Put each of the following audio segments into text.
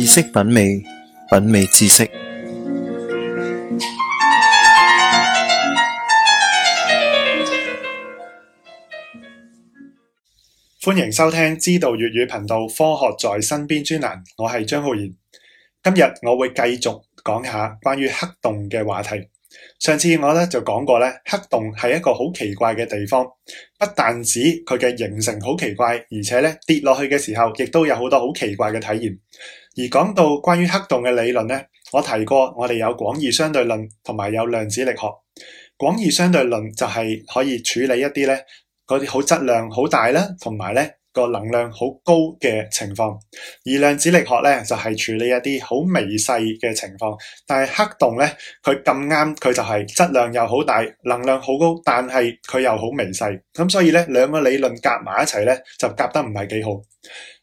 知識品味，品味知識。歡迎收聽知道粵語頻道《科學在身邊》專欄，我係張浩然。今日我會繼續講下關於黑洞嘅話題。上次我呢就講過呢，黑洞係一個好奇怪嘅地方，不但止佢嘅形成好奇怪，而且呢跌落去嘅時候，亦都有好多好奇怪嘅體驗。而講到關於黑洞嘅理論咧，我提過我哋有廣義相對論同埋有量子力學。廣義相對論就係可以處理一啲咧嗰啲好質量好大啦，同埋咧個能量好高嘅情況。而量子力學咧就係處理一啲好微細嘅情況。但係黑洞咧，佢咁啱佢就係質量又好大，能量好高，但係佢又好微細。咁所以咧兩個理論夾埋一齊咧就夾得唔係幾好。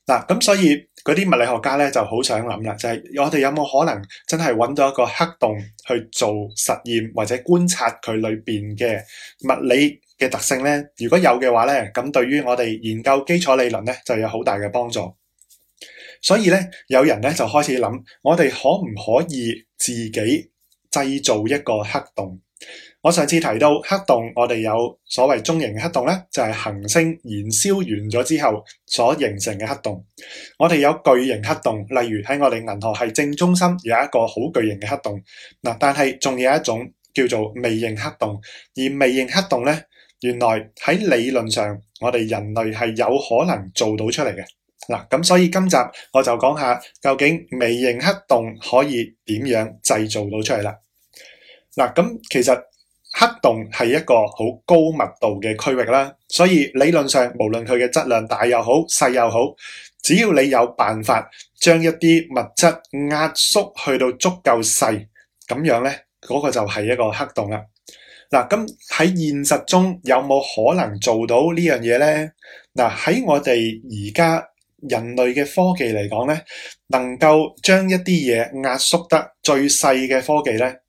嗱，咁所以嗰啲物理學家咧就好想諗啦，就係我哋有冇可能真係揾到一個黑洞去做實驗或者觀察佢裏邊嘅物理嘅特性咧？如果有嘅話咧，咁對於我哋研究基礎理論咧就有好大嘅幫助。所以咧，有人咧就開始諗，我哋可唔可以自己製造一個黑洞？我上次提到，黑洞，我們有所謂中型黑洞呢，就是恒星燃燒完了之後，所形成的黑洞。我們有巨型黑洞，例如，在我們銀河系正中心，有一個很巨型的黑洞。但是，還有一種，叫做微型黑洞。而微型黑洞呢，原來，在理論上，我們人類是有可能做到出來的。嗱，咁所以，今集，我就講一下，究竟微型黑洞可以怎樣製造出來。嗱，咁其實，黑洞係一個好高密度嘅區域啦，所以理論上無論佢嘅質量大又好細又好，只要你有辦法將一啲物質壓縮去到足夠細，咁樣咧嗰個就係一個黑洞啦。嗱，咁喺現實中有冇可能做到呢樣嘢咧？嗱，喺我哋而家人類嘅科技嚟講咧，能夠將一啲嘢壓縮得最細嘅科技咧？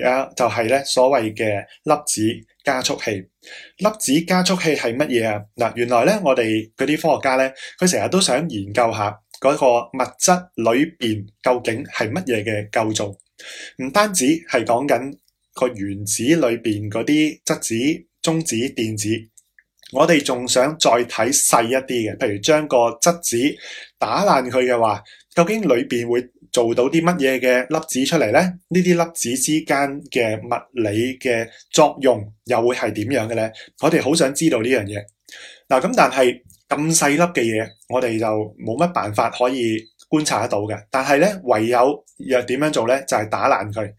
啊，就係咧所謂嘅粒子加速器。粒子加速器係乜嘢啊？嗱，原來咧，我哋嗰啲科學家咧，佢成日都想研究下嗰個物質裏邊究竟係乜嘢嘅構造。唔單止係講緊個原子裏邊嗰啲質子、中子、電子，我哋仲想再睇細一啲嘅，譬如將個質子打爛佢嘅話，究竟裏邊會？做到啲乜嘢嘅粒子出嚟咧？呢啲粒子之間嘅物理嘅作用又會係點樣嘅咧？我哋好想知道呢樣嘢。嗱咁，但係咁細粒嘅嘢，我哋就冇乜辦法可以觀察得到嘅。但係咧，唯有又點樣做咧？就係打爛佢，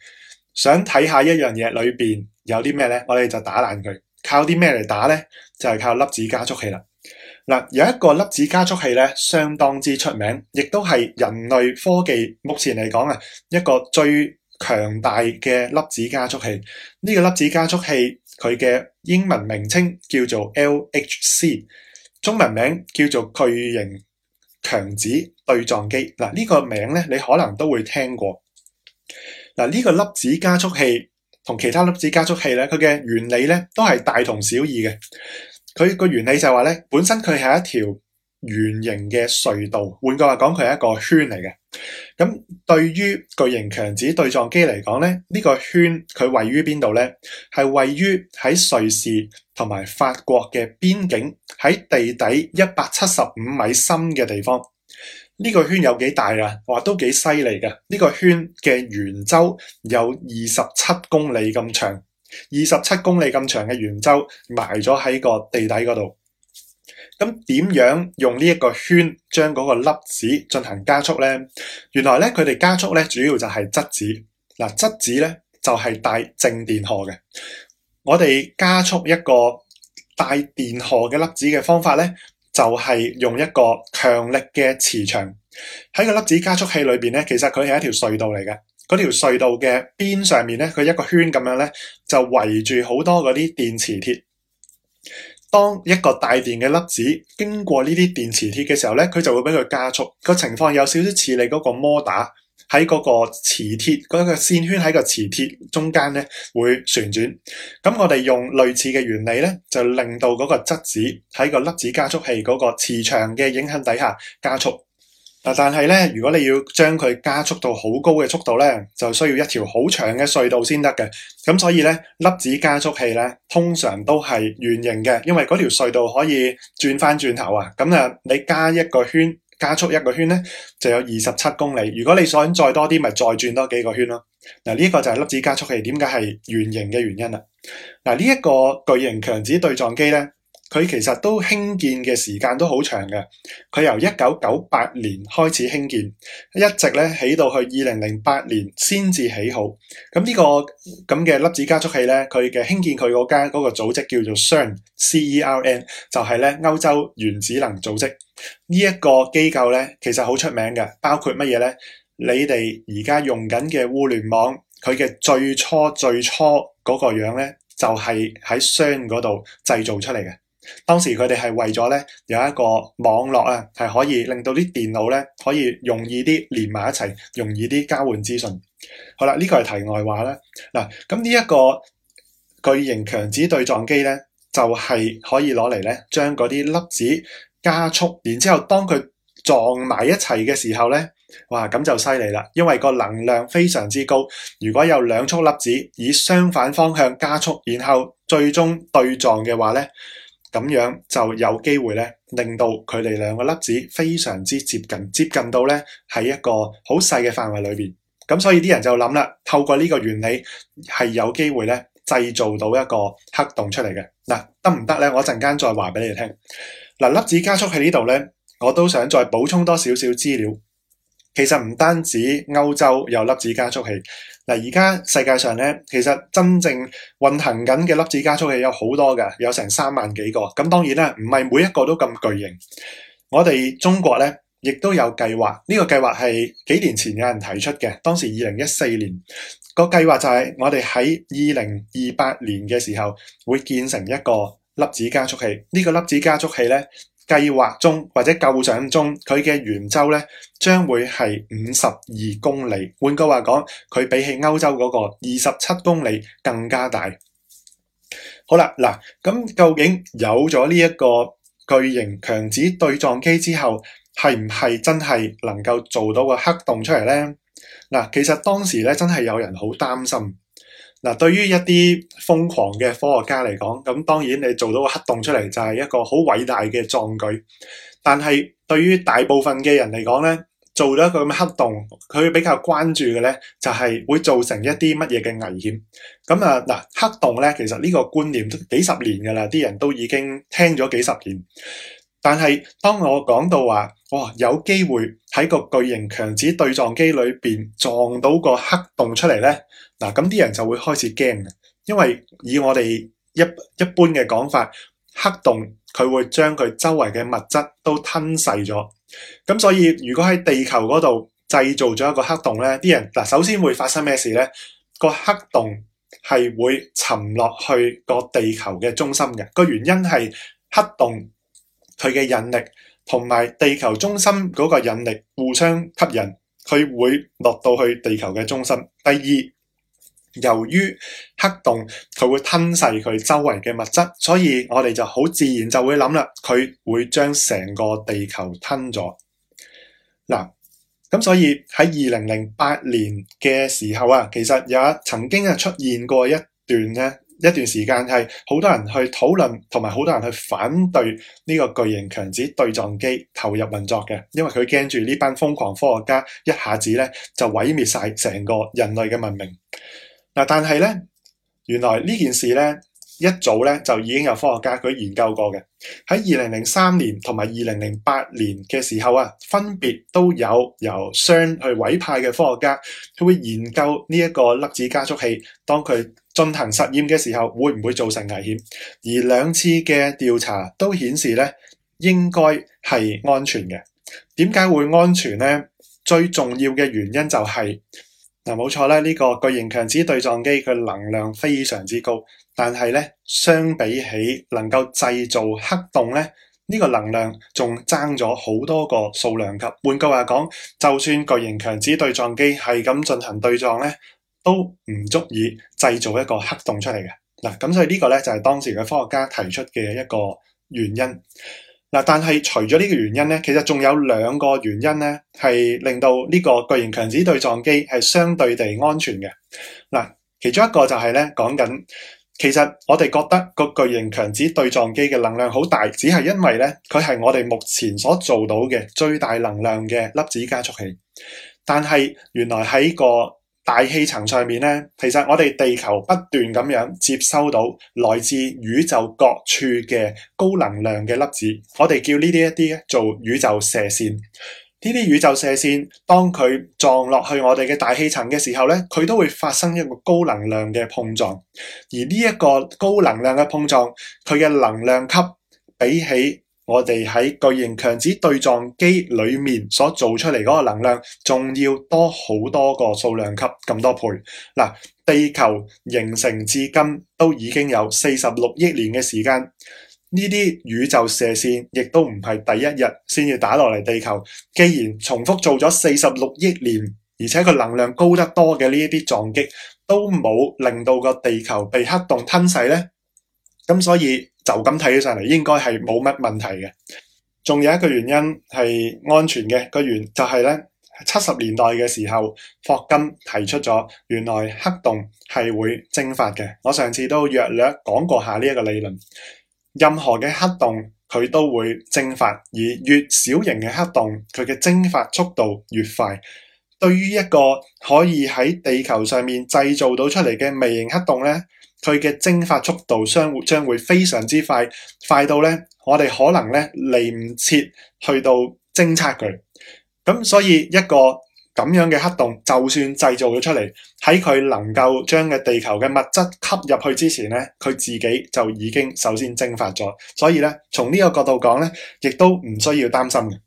想睇下一樣嘢裏邊有啲咩咧？我哋就打爛佢，靠啲咩嚟打咧？就係靠粒子加速器啦。嗱，有一個粒子加速器咧，相當之出名，亦都係人類科技目前嚟講啊一個最強大嘅粒子加速器。呢個粒子加速器佢嘅英文名稱叫做 LHC，中文名叫做巨型強子對撞機。嗱，呢個名咧，你可能都會聽過。嗱，呢個粒子加速器同其他粒子加速器咧，佢嘅原理咧都係大同小異嘅。佢個原理就係話咧，本身佢係一條圓形嘅隧道，換句話講，佢係一個圈嚟嘅。咁對於巨型強子對撞機嚟講咧，呢個圈佢位於邊度咧？係位於喺瑞士同埋法國嘅邊境，喺地底一百七十五米深嘅地方。呢個圈有幾大啊？話都幾犀利嘅。呢個圈嘅圓周有二十七公里咁長。二十七公里咁長嘅圓周埋咗喺個地底嗰度，咁點樣用呢一個圈將嗰個粒子進行加速呢？原來咧佢哋加速咧主要就係質子嗱，質子咧就係、是、帶正電荷嘅。我哋加速一個帶電荷嘅粒子嘅方法咧，就係、是、用一個強力嘅磁場喺個粒子加速器裏面咧，其實佢係一條隧道嚟嘅。嗰條隧道嘅邊上面咧，佢一個圈咁樣咧，就圍住好多嗰啲電磁鐵。當一個帶電嘅粒子經過呢啲電磁鐵嘅時候咧，佢就會俾佢加速。個情況有少少似你嗰個摩打喺嗰個磁鐵，嗰個線圈喺個磁鐵中間咧會旋轉。咁我哋用類似嘅原理咧，就令到嗰個質子喺個粒子加速器嗰個磁場嘅影響底下加速。嗱，但係咧，如果你要將佢加速到好高嘅速度咧，就需要一條好長嘅隧道先得嘅。咁所以咧，粒子加速器咧，通常都係圓形嘅，因為嗰條隧道可以轉翻轉頭啊。咁啊，你加一個圈加速一個圈咧，就有二十七公里。如果你想再多啲，咪再轉多幾個圈咯。嗱，呢個就係粒子加速器點解係圓形嘅原因啦。嗱，呢一個巨型強子對撞機咧，佢其實都興建嘅時間都好長嘅。佢由一九九八年開始興建，一直咧起到去二零零八年先至起好。咁呢個咁嘅粒子加速器咧，佢嘅興建佢嗰間嗰個組織叫做 CERN，就係咧歐洲原子能組織呢一個機構咧，其實好出名嘅。包括乜嘢咧？你哋而家用緊嘅互聯網，佢嘅最初最初嗰個樣咧，就係喺 CERN 嗰度製造出嚟嘅。當時佢哋係為咗咧有一個網絡啊，係可以令到啲電腦咧可以容易啲連埋一齊，容易啲交換資訊。好啦，呢個係題外話啦。嗱，咁呢一個巨型強子對撞機咧，就係可以攞嚟咧將嗰啲粒子加速，然之後當佢撞埋一齊嘅時候咧，哇，咁就犀利啦，因為個能量非常之高。如果有兩束粒子以相反方向加速，然後最終對撞嘅話咧，咁樣就有機會咧，令到佢哋兩個粒子非常之接近，接近到咧喺一個好細嘅範圍裏面。咁所以啲人就諗啦，透過呢個原理係有機會咧製造到一個黑洞出嚟嘅。嗱，得唔得咧？我陣間再話俾你哋聽。嗱，粒子加速喺呢度咧，我都想再補充多少少資料。其實唔單止歐洲有粒子加速器，嗱，而家世界上咧，其實真正運行緊嘅粒子加速器有好多嘅，有成三萬幾個。咁當然啦，唔係每一個都咁巨型。我哋中國咧，亦都有計劃。呢個計劃係幾年前有人提出嘅，當時二零一四年。個計劃就係我哋喺二零二八年嘅時候會建成一個粒子加速器。呢個粒子加速器咧。計劃中或者構想中，佢嘅圓周咧，將會係五十二公里。換句話講，佢比起歐洲嗰個二十七公里更加大。好啦，嗱，咁究竟有咗呢一個巨型強子對撞機之後，係唔係真係能夠做到個黑洞出嚟？呢嗱，其實當時咧，真係有人好擔心。嗱，對於一啲瘋狂嘅科學家嚟講，咁當然你做到個黑洞出嚟就係一個好偉大嘅壯舉。但係對於大部分嘅人嚟講咧，做咗一個咁嘅黑洞，佢比較關注嘅咧就係會造成一啲乜嘢嘅危險。咁啊嗱，黑洞咧其實呢個觀念都幾十年噶啦，啲人都已經聽咗幾十年。但係，當我講到話，哇、哦，有機會喺個巨型強子對撞機裏邊撞到個黑洞出嚟咧，嗱，咁啲人就會開始驚嘅，因為以我哋一一般嘅講法，黑洞佢會將佢周圍嘅物質都吞噬咗，咁所以如果喺地球嗰度製造咗一個黑洞咧，啲人嗱首先會發生咩事咧？個黑洞係會沉落去個地球嘅中心嘅，個原因係黑洞。佢嘅引力同埋地球中心嗰個引力互相吸引，佢會落到去地球嘅中心。第二，由於黑洞佢會吞噬佢周圍嘅物質，所以我哋就好自然就會諗啦，佢會將成個地球吞咗。嗱，咁所以喺二零零八年嘅時候啊，其實也曾經啊出現過一段咧。一段時間係好多人去討論，同埋好多人去反對呢個巨型強子對撞機投入運作嘅，因為佢驚住呢班瘋狂科學家一下子咧就毀滅晒成個人類嘅文明。嗱，但係咧，原來呢件事咧一早咧就已經有科學家佢研究過嘅。喺二零零三年同埋二零零八年嘅時候啊，分別都有由商去委派嘅科學家，佢會研究呢一個粒子加速器，當佢進行實驗嘅時候會唔會造成危險？而兩次嘅調查都顯示咧，應該係安全嘅。點解會安全咧？最重要嘅原因就係嗱，冇錯啦，呢個巨型強子對撞機佢能量非常之高，但係咧，相比起能夠製造黑洞咧，呢個能量仲爭咗好多個數量級。換句話講，就算巨型強子對撞機係咁進行對撞咧。都唔足以製造一個黑洞出嚟嘅。嗱，咁所以呢個咧就係當時嘅科學家提出嘅一個原因。嗱，但係除咗呢個原因咧，其實仲有兩個原因咧，係令到呢個巨型強子對撞機係相對地安全嘅。嗱，其中一個就係咧，講緊，其實我哋覺得個巨型強子對撞機嘅能量好大，只係因為咧佢係我哋目前所做到嘅最大能量嘅粒子加速器，但係原來喺個。大氣層上面咧，其實我哋地球不斷咁樣接收到來自宇宙各處嘅高能量嘅粒子，我哋叫呢啲一啲咧做宇宙射線。呢啲宇宙射線當佢撞落去我哋嘅大氣層嘅時候咧，佢都會發生一個高能量嘅碰撞，而呢一個高能量嘅碰撞，佢嘅能量級比起。我哋喺巨型強子對撞機裏面所做出嚟嗰個能量，仲要多好多個數量級咁多倍。嗱，地球形成至今都已經有四十六億年嘅時間，呢啲宇宙射線亦都唔係第一日先要打落嚟地球。既然重複做咗四十六億年，而且個能量高得多嘅呢一啲撞擊，都冇令到個地球被黑洞吞噬呢。咁所以。就咁睇起上嚟，應該係冇乜問題嘅。仲有一個原因係安全嘅，個原因就係咧，七十年代嘅時候，霍金提出咗，原來黑洞係會蒸發嘅。我上次都略略講過下呢一個理論，任何嘅黑洞佢都會蒸發，而越小型嘅黑洞，佢嘅蒸發速度越快。對於一個可以喺地球上面製造到出嚟嘅微型黑洞咧。佢嘅蒸發速度相會將會非常之快，快到咧，我哋可能咧嚟唔切去到偵測佢咁，所以一個咁樣嘅黑洞，就算製造咗出嚟，喺佢能夠將個地球嘅物質吸入去之前咧，佢自己就已經首先蒸發咗，所以咧從呢個角度講咧，亦都唔需要擔心嘅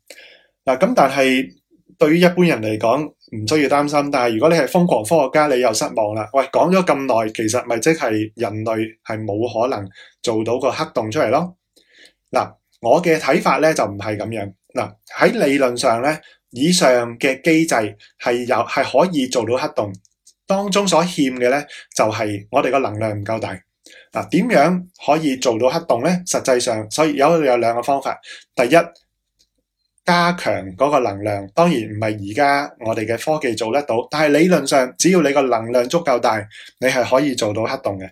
嗱。咁但係。對於一般人嚟講唔需要擔心，但係如果你係瘋狂科學家，你又失望啦。喂，講咗咁耐，其實咪即係人類係冇可能做到個黑洞出嚟咯。嗱，我嘅睇法咧就唔係咁樣。嗱，喺理論上咧，以上嘅機制係有係可以做到黑洞，當中所欠嘅咧就係我哋個能量唔夠大。嗱，點樣可以做到黑洞咧？實際上，所以有有兩個方法，第一。加強嗰個能量，當然唔係而家我哋嘅科技做得到，但係理論上只要你個能量足夠大，你係可以做到黑洞嘅。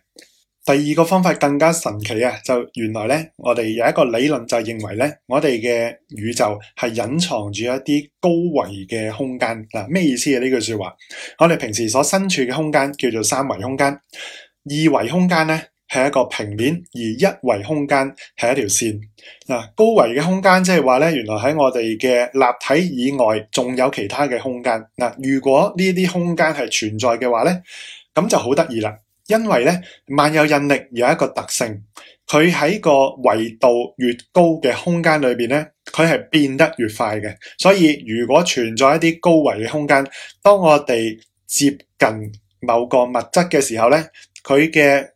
第二個方法更加神奇啊！就原來咧，我哋有一個理論就係認為咧，我哋嘅宇宙係隱藏住一啲高維嘅空間嗱，咩意思啊？呢句說話，我哋平時所身處嘅空間叫做三維空間，二維空間咧，係一個平面，而一維空間係一條線嗱。高維嘅空間即係話咧，原來喺我哋嘅立體以外，仲有其他嘅空間嗱。如果呢啲空間係存在嘅話咧，咁就好得意啦。因為咧，萬有引力有一個特性，佢喺個維度越高嘅空間裏邊咧，佢係變得越快嘅。所以如果存在一啲高維嘅空間，當我哋接近某個物質嘅時候咧，佢嘅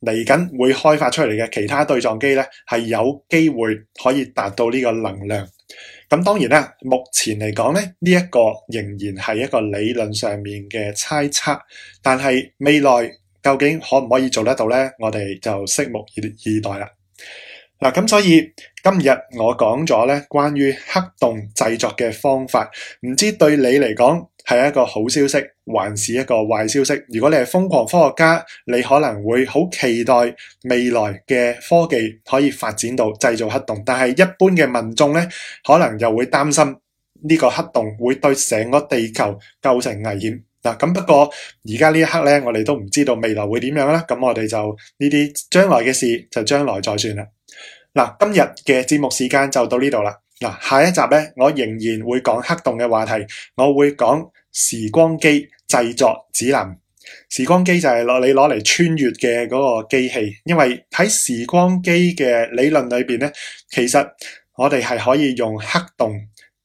嚟緊會開發出嚟嘅其他對撞機咧，係有機會可以達到呢個能量。咁當然啦，目前嚟講咧，呢一個仍然係一個理論上面嘅猜測。但係未來究竟可唔可以做得到咧？我哋就拭目以以待啦。嗱，咁所以今日我講咗咧關於黑洞製作嘅方法，唔知對你嚟講，係一個好消息，還是一個壞消息？如果你係瘋狂科學家，你可能會好期待未來嘅科技可以發展到製造黑洞，但係一般嘅民眾咧，可能又會擔心呢個黑洞會對成個地球構成危險嗱。咁不過而家呢一刻咧，我哋都唔知道未來會點樣啦。咁我哋就呢啲將來嘅事，就將來再算啦。嗱，今日嘅節目時間就到呢度啦。嗱，下一集咧，我仍然會講黑洞嘅話題，我會講時光機製作指南。時光機就係攞你攞嚟穿越嘅嗰個機器，因為喺時光機嘅理論裏邊咧，其實我哋係可以用黑洞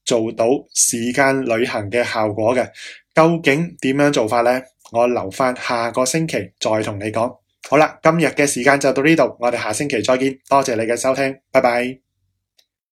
做到時間旅行嘅效果嘅。究竟點樣做法呢？我留翻下個星期再同你講。好啦，今日嘅時間就到呢度，我哋下星期再見。多謝你嘅收聽，拜拜。